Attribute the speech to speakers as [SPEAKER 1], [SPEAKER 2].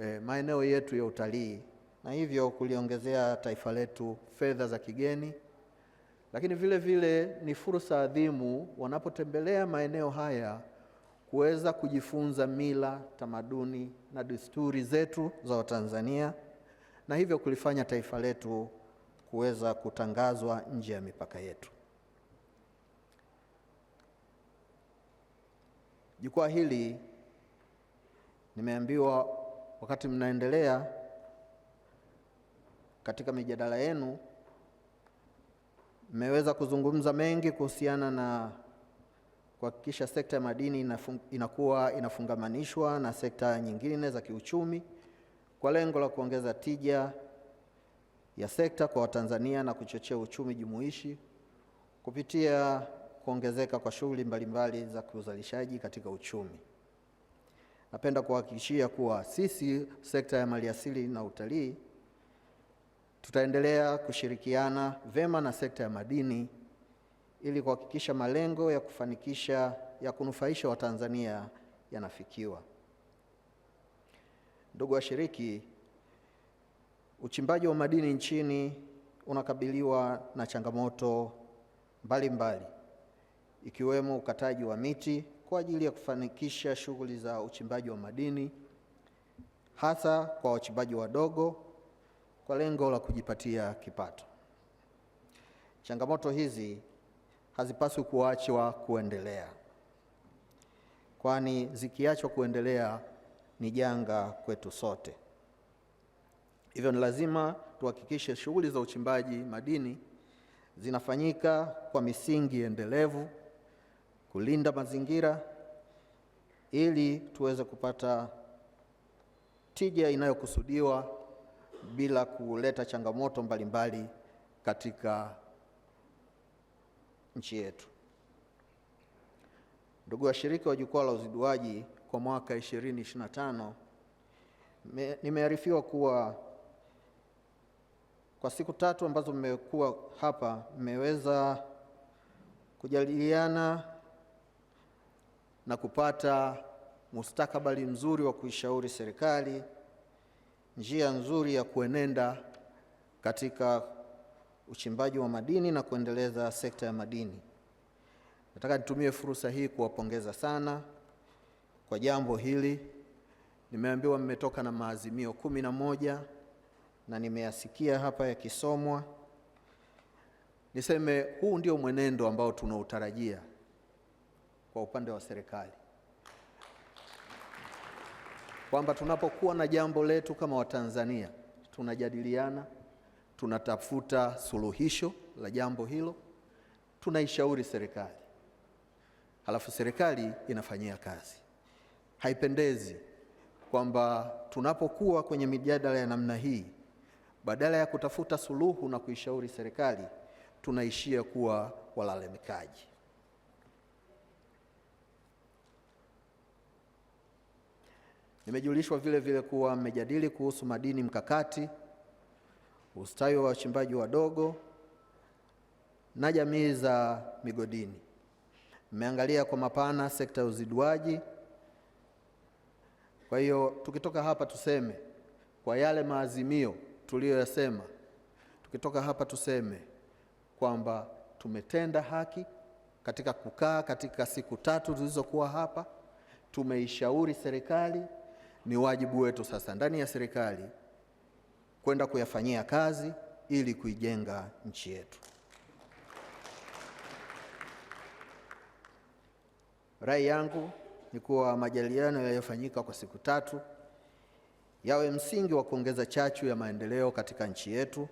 [SPEAKER 1] e, maeneo yetu ya utalii na hivyo kuliongezea taifa letu fedha za kigeni, lakini vile vile ni fursa adhimu wanapotembelea maeneo haya kuweza kujifunza mila, tamaduni na desturi zetu za Watanzania na hivyo kulifanya taifa letu kuweza kutangazwa nje ya mipaka yetu. Jukwaa hili nimeambiwa wakati mnaendelea katika mijadala yenu, mmeweza kuzungumza mengi kuhusiana na kuhakikisha sekta ya madini inakuwa inafungamanishwa na sekta nyingine za kiuchumi kwa lengo la kuongeza tija ya sekta kwa Watanzania na kuchochea uchumi jumuishi kupitia kuongezeka kwa shughuli mbalimbali za kuzalishaji katika uchumi. Napenda kuhakikishia kuwa sisi sekta ya maliasili na utalii tutaendelea kushirikiana vema na sekta ya madini ili kuhakikisha malengo ya kufanikisha ya kunufaisha Watanzania yanafikiwa. Ndugu washiriki, uchimbaji wa madini nchini unakabiliwa na changamoto mbalimbali mbali, ikiwemo ukataji wa miti kwa ajili ya kufanikisha shughuli za uchimbaji wa madini hasa kwa wachimbaji wadogo kwa lengo la kujipatia kipato. Changamoto hizi hazipaswi kuachwa kuendelea, kwani zikiachwa kuendelea ni janga kwetu sote. Hivyo ni lazima tuhakikishe shughuli za uchimbaji madini zinafanyika kwa misingi endelevu kulinda mazingira ili tuweze kupata tija inayokusudiwa bila kuleta changamoto mbalimbali mbali katika nchi yetu. Ndugu washiriki wa jukwaa la uziduaji, kwa mwaka 2025 nimearifiwa kuwa kwa siku tatu ambazo mmekuwa hapa mmeweza kujadiliana na kupata mustakabali mzuri wa kuishauri serikali njia nzuri ya kuenenda katika uchimbaji wa madini na kuendeleza sekta ya madini. Nataka nitumie fursa hii kuwapongeza sana kwa jambo hili. Nimeambiwa mmetoka na maazimio kumi na moja na nimeyasikia hapa yakisomwa. Niseme huu ndio mwenendo ambao tunautarajia kwa upande wa serikali kwamba tunapokuwa na jambo letu kama Watanzania tunajadiliana, tunatafuta suluhisho la jambo hilo, tunaishauri serikali, halafu serikali inafanyia kazi. Haipendezi kwamba tunapokuwa kwenye mijadala ya namna hii, badala ya kutafuta suluhu na kuishauri serikali, tunaishia kuwa walalamikaji. Nimejulishwa vile vile kuwa mmejadili kuhusu madini mkakati, ustawi wa wachimbaji wadogo na jamii za migodini. Mmeangalia kwa mapana sekta ya uziduaji. Kwa hiyo tukitoka hapa tuseme kwa yale maazimio tuliyoyasema, tukitoka hapa tuseme kwamba tumetenda haki katika kukaa katika siku tatu zilizokuwa hapa, tumeishauri serikali ni wajibu wetu sasa ndani ya serikali kwenda kuyafanyia kazi ili kuijenga nchi yetu. Rai yangu ni kuwa majadiliano yaliyofanyika kwa siku tatu yawe msingi wa kuongeza chachu ya maendeleo katika nchi yetu.